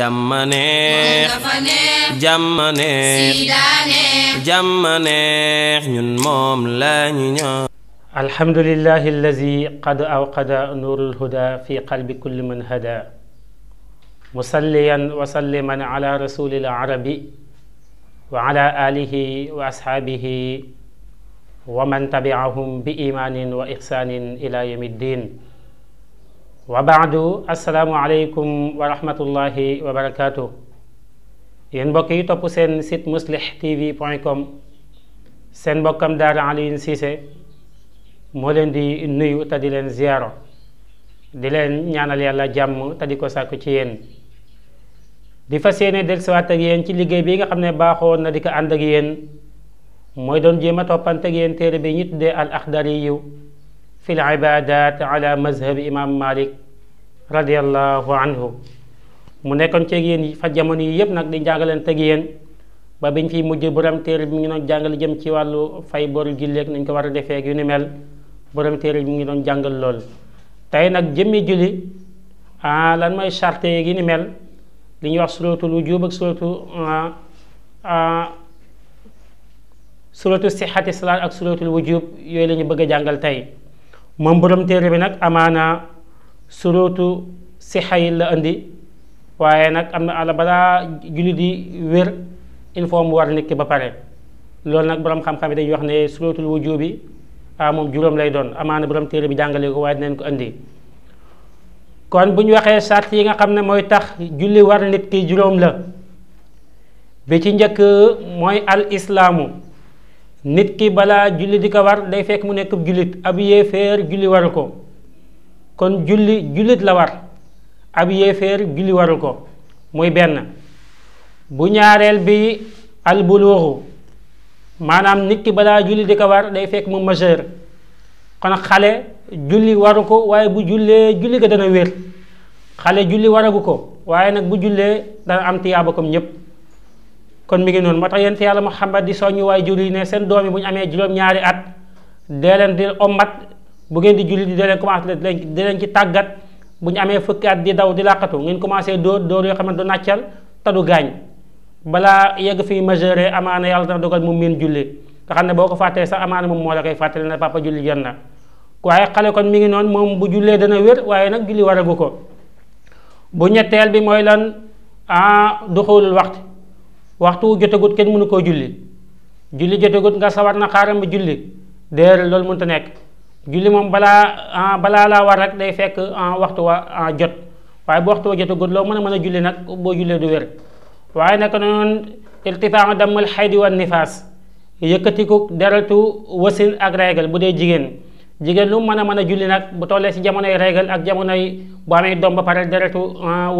jàmmaneex jàmmaneex jàmmaneex ñun moom lañu ñaan alhamdulillahi allazi qad awqada nuurul huda fi qalbi kulli man hada musalliyan wa salliman ala rasulil arabi wa ala alihi wa ashaabihi wa man tabi'ahum bi imaanin wa ihsaanin ila yawmi ddin wa baadu assalaamu aleykum wa rahmatullahi wa barakaatu yéen mbokk yi topp seen site muslih tv point com seen mbokkam daara Alioune Cissé moo leen di nuyu te di leen ziyaaro di leen ñaanal yàlla jàmm te di ko sàkk ci yéen di fas yéene dellusiwaat ak yéen ci liggéey bi nga xam ne baaxoon na di ko ànd ak yéen mooy doon jéem a toppante ak yéen téere bi ñu tuddee al axdari fi l ibadat ala mazhabi imam malik radiallahu anhu mu nekkoon ceeg yéen fa jamono yii yëpp nag di jàngaleen teg yéen ba biñ fiy mujj borom téere bi ngi doon jàngal jëm ci wàllu fay boru julleeg nañ ko war a defeek yu ni mel borom téere bi mu ngi doon jàngal lool tey nag jëmmi julli ah lan mooy charte yi ni mel li ñuy wax suratul wujub ak suratul suratul sixati salaat ak suratul wujub yooyu lañuy ñu bëgg a jàngal tey moom borom téere bi nag amaana suruutu si yi la indi waaye nag am na ala balaa julli di wér il faut mu war nit ki ba pare loolu nag boroom xam-xam yi dañuy wax ne suruutul wujubi ah moom juróom lay doon amaana borom téere bi jàngale ko waaye dinañ ko indi kon bu ñu waxee sart yi nga xam ne mooy tax julli war nit ki juróom la bi ci njëkk mooy al islaamu nit ki balaa julli di ko war day fekk mu nekk jullit ab yéeféer julli waru ko kon julli jullit la war ab yéeféer julli waru ko muy benn bu ñaareel bi albuluuxu maanaam nit ki balaa julli di ko war day fekk mu majeur kon xale julli waru ko waaye bu jullee julli ga dana wér xale julli waragu ko waaye nag bu jullee dana am tiyaaba comme ñépp kon mi ngi noonu moo tax yonent yàlla Muhammad di soññu waay julli ne seen doom yi bu ñu amee juróom bu ngeen di julli di dee leen commencé ci tàggat bu ñu amee fukki at di daw di làqatu ngeen commencé dóor dóor yoo xam ne du nàccal te du gaañ balaa yegg fii majeure amaana yàlla dana dogal mu miin julli nga xam ne boo ko fàttee sax amaana moom moo la koy fàttali ne papa julli jot na waaye xale kon mi ngi noonu moom bu jullee dana wér waaye nag julli waragu ko bu ñetteel bi mooy lan ah duxulul waxtu waxtu wu jotagut kenn mënu koo julli julli jotagut nga sawar na xaaral ma julli déer loolu mënut a nekk julli moom balaa ah, balaa laa war rek day fekk ah, waxtu wa ah, jot waaye bu waxtu wa jotagut loo mën a mën a julli nag boo jullee du wér waaye nag noonu irtifaa dammal xaydi wa nifaas yëkkatiku deratu wasin ak régal bu dee jigéen jigéen lu mën a mën a julli nag bu tollee si jamonoy régal ak jamonoy bu amee doom ba pare deratu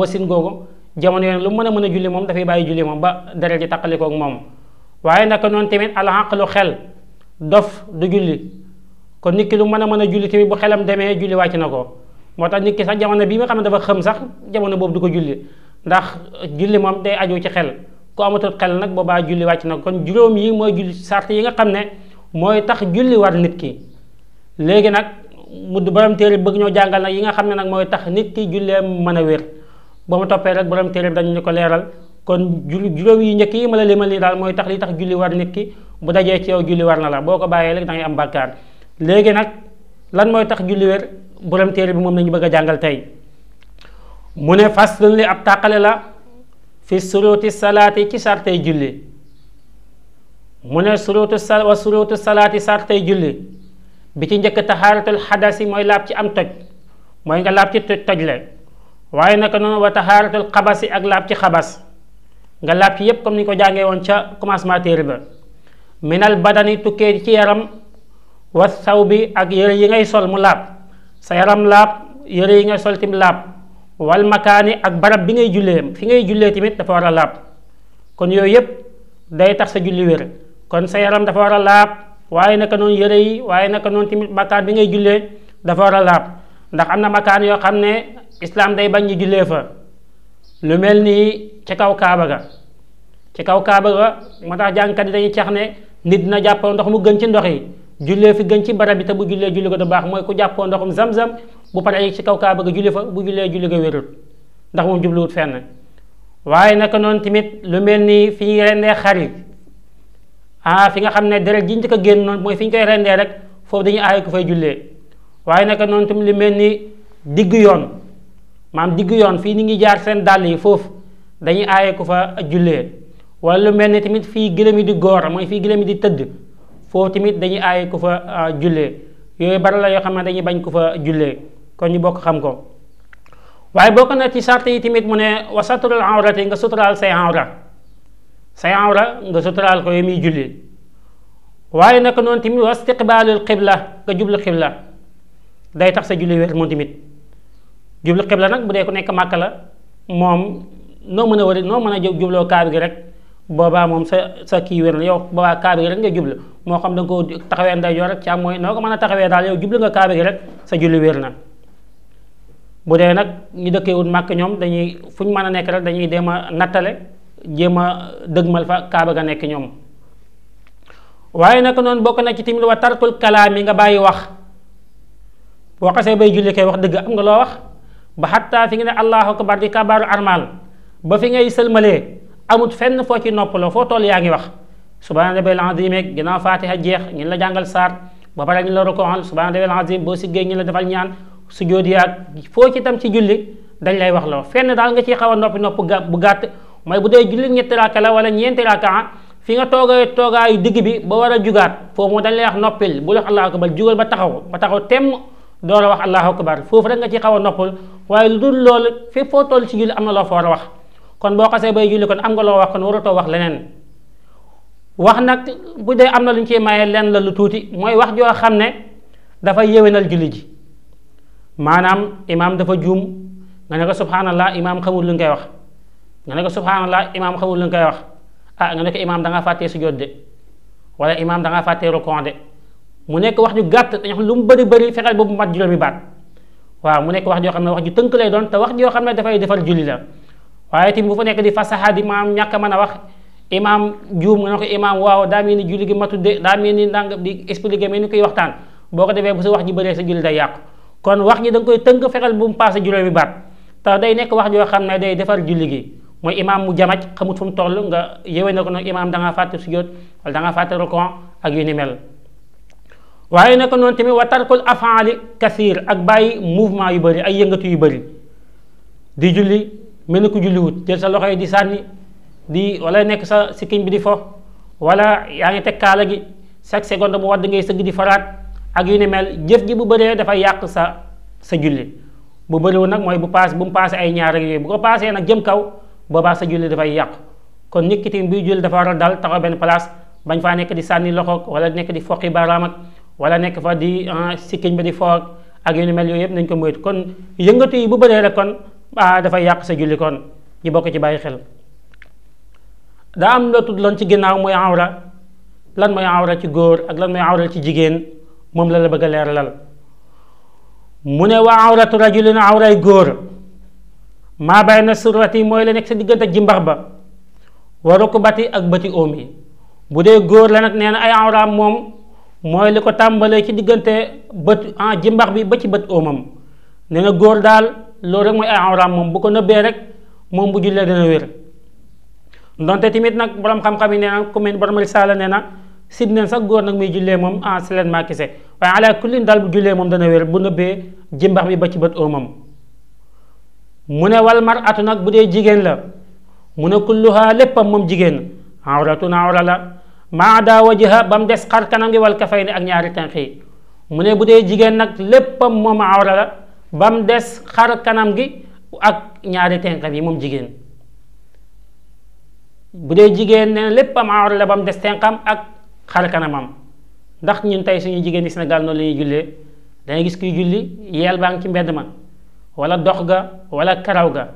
wasin googu jamono yoon lu mën a mën a julli moom dafay bàyyi julli moom ba dara ji taqalikoog moom waaye naka noonu tamit alxaqlu xel dof du julli kon nit ki lu mën a mën a julli tamit bu xelam demee julli na ko moo tax nit sax jamono bii nga xam ne dafa xëm sax jamono boobu du ko julli ndax julli moom day aju ci xel ku amatul xel nag boobaa julli wàcc na ko kon juróom yi mooy julli sart yi nga xam ne mooy tax julli war nit ki léegi nag mu borom téere bëgg ñoo jàngal nag yi nga xam ne nag mooy tax nit ki julleem mën a wér boo ma toppee rek borom téere bi dañu ñu ko leeral kon julli juróom yi njëkk yi ma la limal nii daal mooy tax li tax julli war nit ki bu dajee ci yow julli war na la boo ko bàyyee rek da am bàkkaar léegi nag lan mooy tax julli wér borom téere bi moom la ñu bëgg a jàngal tey mu ne fas li ab tàqale la fi suruuti salaati ci sartey julli mu ne suruutu sal wa suruutu salaati sartey julli bi ci njëkk taxaaratul xadasi mooy laab ci am toj mooy nga laab ci toj toj waaye naka noonu wa taxaaratul xabas yi ak laab ci xabas nga laab ci yépp comme ko jàngee woon ca commencement téere ba minal badani tukkee ci yaram wa saw bi ak yére yi ngay sol mu laab sa yaram laab yëre yi ngay sol tim laab wal makaani ak barab bi ngay jullee fi ngay jullee tamit dafa war a laab kon yooyu yépp day tax sa julli wér kon sa yaram dafa war a laab waaye naka noonu yëre yi waaye naka noonu tamit makaan bi ngay jullee dafa war a laab ndax am na makaan yoo xam ne islaam day bañ ñu jullee fa lu mel nii ca kaw kaaba ga ci kaw kaaba ga moo tax jàngkat yi dañuy cax ne nit dina jàppoo ndox mu gën ci ndox yi jullee fi gën ci barab bi te bu jullee julli ko du baax mooy ku jàppoo ndoxum zam-zam bu paree ci kaw kaaba ga julli fa bu jullee julli ko wérut ndax moom jubluwut fenn waaye naka noonu tamit lu mel ni fi ñuy rendee xar yi ah fi nga xam ne deret ji njëkk ko génn noonu mooy fi ñu koy rendee rek foofu dañu aay ku fay jullee waaye naka noonu tamit lu mel ni digg yoon maam digg yoon fii ni ngi jaar seen dàll yi foofu dañuy aaye ku fa jullee wala lu mel ni tamit fii gëlëm yi di góor mooy fii gëlëm yi di tëdd foofu tamit dañuy aaye ku fa uh, jullee yooyu bari yoo xam ne dañuy bañ ku fa jullee kon ñu bokk xam ko waaye bokk na ci sart yi tamit mu ne wa satrul awrati nga suturaal say awra say awra nga suturaal ko yow muy julli waaye nag noonu tamit wa istiqbaalul xibla nga jublu xibla day tax sa julli wér moom jublu xibla nag bu dee ku nekk màkk la moom noo mën a wari noo mën a jubloo kaaba gi rek boobaa moom sa sa kii wér na yow boobaa kaaba gi rek nga jublu moo xam da nga ko taxawee ndeyjoor rek càmm mooy noo ko mën a taxawee daal yow jublu nga kaaba gi rek sa julli wér na bu dee nag ñu dëkkeewut màkk ñoom dañuy fu ñu mën a nekk rek dañuy dem a nattale jéem a dëgmal fa kaaba ga nekk ñoom waaye nag noonu bokk na ci tamit nga bàyyi wax boo xasee bay julli wax dëgg am nga loo wax ba xattaa fi nga ne allahu akbar di kabaaru armal ba fi ngay sëlmalee amut fenn foo ci noppaloo foo toll yaa ngi wax subhaana rabbil azim ak ginnaaw faatiha jeex ñu la jàngal saar ba pare ñu la rokoxal subhaana rabbil azim boo siggee ñu la defal ñaan sujjóot yaag foo ci tam ci julli dañ lay wax loo fenn daal nga ciy xaw a noppi nopp bu gàtt mooy bu dee julli ñetti raaka la wala ñeenti raaka fi nga toogee toogaayu digg bi ba war a jugaat foofu moom dañ lay wax noppil bu wax allahu akbar jugal ba taxaw ba taxaw temm door a wax allahu akbar foofu rek nga ciy xaw a waaye lu dul loolu fépp foo toll ci julli am na loo fa war a wax kon boo xasee bay julli kon am nga loo wax kon waratoo wax leneen wax nag bu dee am na lu ñu ciy maye lenn la lu tuuti mooy wax joo xam ne dafa yéwénal julli ji maanaam imaam dafa juum nga ne ko subhanallah imaam xamul lu ñu koy wax nga ne ko subhanallah imaam xamul lu ñu koy wax ah nga ne ko imaam da ngaa fàttee sujjóot de wala imaam da ngaa fàttee rukon de mu nekk wax ju gàtt dañu xam lu mu bëri bëri fexeel boobu mat juróomi baat waaw mu nekk wax joo xam ne wax ju tënk lay doon te wax joo xam ne dafay defar julli la waaye tamit bu fa nekk di fasaxa di maam ñàkk a mën a wax imaam juum nga ne ko imaam waaw daa mel ni julli gi matu de daa mel ni ndànk di expliqué mel ni koy waxtaan boo ko defee bu sa wax ji bëree sa julli day yàqu kon wax ji da koy tënk fexeel bu mu passé juróomi baat te day nekk wax joo xam ne day defar julli gi mooy imaam mu jamaj xamut fu mu toll nga yéwé na ko nag imaam da ngaa fàtte sujjóot wala da fàtte rokon ak yu ni mel waaye naka noonu tamit wa tarkul afaali kasiir ak bàyyi mouvement yu bëri ay yëngatu yu bëri di julli mel ni ku julliwut jël sa loxo yi di sànni di wala nekk sa sikkiñ bi di fo wala yaa ngi teg kaala gi chaque seconde bu wadd ngay sëgg di faraat ak yu ne mel jëf gi bu bëree dafay yàq sa sa julli bu bëriwul nag mooy bu paas bu mu paase ay ñaar ak yooyu bu ko paasee nag jëm kaw boobaa sa julli dafay yàq kon nit ki tamit buy julli dafa war a dal taxaw benn place bañ faa nekk di sànni loxo wala nekk di foqi baaraam wala nekk fa di ah, sikkiñ ba di foog ak yu ni mel yooyu yëpp nañ ko moytu kon yëngatu yi bu bëree rek kon ah dafay yàq sa julli kon ñu bokk ci bàyyi xel daa am loo tudd loon ci ginnaaw mooy awra lan mooy awra ci góor ak lan mooy awra ci jigéen moom la la bëgg a leer leeralal mu ne wa awratu rajulin awray góor maa na surati mooy la nekk sa diggante jimbax ba wa rukbati ak bëti oom yi bu dee góor la ne nee na ay awraam moom mooy li ko tàmbalee ci diggante bët ah jimbax bi ba ci bët oomam ne na góor daal loolu rek mooy ay awraam moom bu ko nëbbee rek moom bu jullee dana wér donte tamit nag boroom xam-xam yi nee na ku mel borom risaala nee na sid neen sax góor nag muy jullee moom ah si leen waaye ala kullin daal bu jullee moom dana wér bu nëbbee jimbax bi ba ci bët oomam mu ne wal mar atu nag bu dee jigéen la mu ne kulluha léppam moom jigéen awratun awra la maada wajiha ba mu des xar kanam gi wal kafay ni ak ñaari tenq yi mu ne bu dee jigéen nag léppam moom awra la ba mu des xar kanam gi ak ñaari tenq yi moom jigéen bu dee jigéen ne léppam awra la ba mu des tenqam ak xar kanamam ndax ñun tey suñu jigéen yi Sénégal noonu la ñuy jullee dangay gis kuy julli yeel baa ci mbedd ma wala dox ga wala karaw ga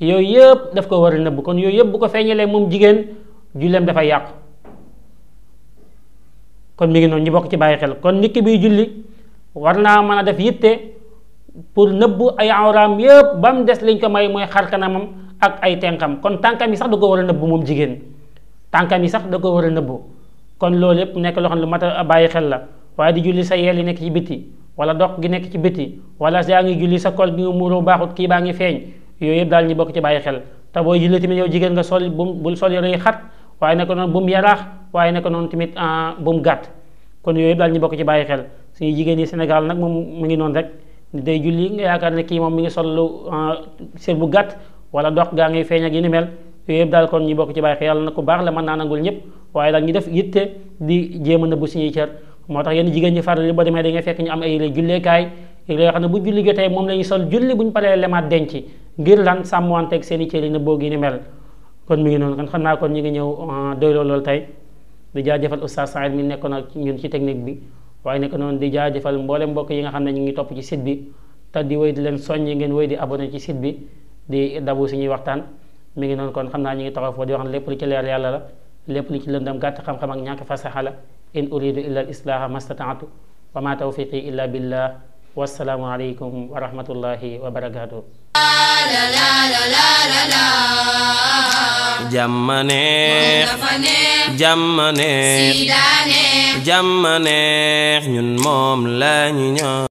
yooyu yëpp daf ko war a nëbb kon yooyu yëpp bu ko feeñalee moom jigéen julleem dafay yàqu kon mi ngi noonu ñi bokk ci bàyyi xel kon nit ki biy julli war naa mën a def yitte pour nëbbu ay awraam yépp ba mu des liñ ko may mooy xar kanamam ak ay tenkam kon tànkam yi sax da ko war a nëbbu moom jigéen tànkam yi sax da ko war a kon loolu yépp nekk loo xam ne lu mat a bàyyi xel la waaye di julli sa yeel yi nekk ci bitti wala dox gi nekk ci bitti wala yaa ngi julli sa kol gi nga muuroo baaxut kii baa ngi feeñ yooyu yëpp daal ñi bokk ci bàyyi xel te booy julli tamit yow jigéen nga sol bu bul sol yore yi xat waaye naka noonu bu mu yaraax waaye naka noonu tamit ah, bu mu gàtt kon yooyu daal ñi bokk ci bàyyi xel suñu jigéen yi Sénégal nag moom mu ngi noonu rek day julli nga yaakaar ne kii moom mi ngi sol lu sër ah, bu gàtt wala dox gaa ngay feeñ ak yi ni daal kon ñu bokk ci bàyyi yàlla na ko baax la mën naa nangul ñëpp waaye daal ñu def yitte di jéem a nëbbu cër moo tax yenn jigéen ñi faral li ba demee da ngay fekk ñu am ay yére julleekaay yére yoo xam ne bu julli jotee moom la ñuy sol julli bu ñu paree lemaat denc ngir lan sàmmanteeg seen i cër yi nëbboo gi ni mel kon mi ngi noonu kon xam naa kon ñu ngi ñëw euh, doyloo loolu tey di jaajëfal oustaz Saïd mi nekkoon ak ñun ci technique bi waaye nekk noonu di jaajëfal mboolem mbokk yi nga xam ne ñu ngi topp ci site bi te di wéy di leen soññi ngeen wéy di abonné ci site bi di dabu ñuy waxtaan mu ngi noonu kon xam naa ñu ngi taxaw foofu di wax ne lépp lu ci leer yàlla la lépp lu ci lëndam gàtt xam-xam ak ñàkk fasaxa la in uridu illa al islaaha mastataatu wa ma tawfiqi illa billah wassalaamu aleykum wa rahmatullahi wa barakatuh jammane jammane jammane ñun moom lañu ñaan